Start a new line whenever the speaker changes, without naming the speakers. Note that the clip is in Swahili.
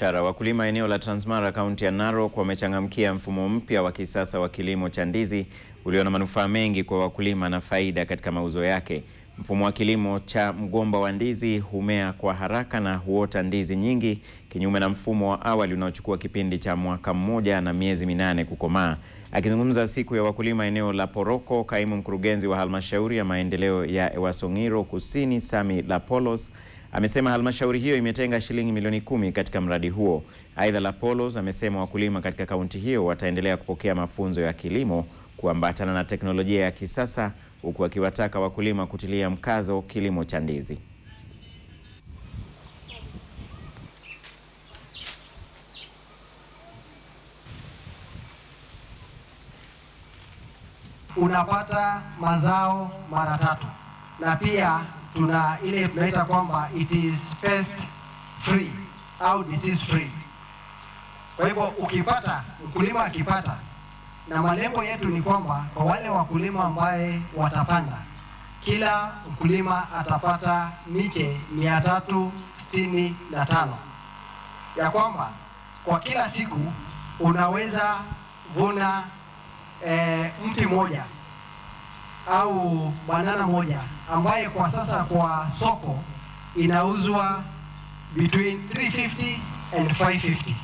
Biashara. Wakulima eneo la Transmara kaunti ya Narok wamechangamkia mfumo mpya wa kisasa wa kilimo cha ndizi ulio na manufaa mengi kwa wakulima na faida katika mauzo yake. Mfumo wa kilimo cha mgomba wa ndizi humea kwa haraka na huota ndizi nyingi kinyume na mfumo wa awali unaochukua kipindi cha mwaka mmoja na miezi minane kukomaa. Akizungumza siku ya wakulima eneo la Poroko, kaimu mkurugenzi wa halmashauri ya maendeleo ya Ewasong'iro Kusini Sami Lapolos Amesema halmashauri hiyo imetenga shilingi milioni kumi katika mradi huo. Aidha, Lapolos amesema wakulima katika kaunti hiyo wataendelea kupokea mafunzo ya kilimo kuambatana na teknolojia ya kisasa huku akiwataka wakulima kutilia mkazo kilimo cha ndizi.
Unapata mazao mara tatu na pia tuna ile tunaita kwamba it is pest free au disease free. Kwa hivyo ukipata, mkulima akipata, na malengo yetu ni kwamba kwa wale wakulima ambaye watapanda, kila mkulima atapata miche mia tatu sitini na tano ya kwamba kwa kila siku unaweza vuna e, mti mmoja au banana moja ambaye kwa sasa kwa soko inauzwa between 350 and 550.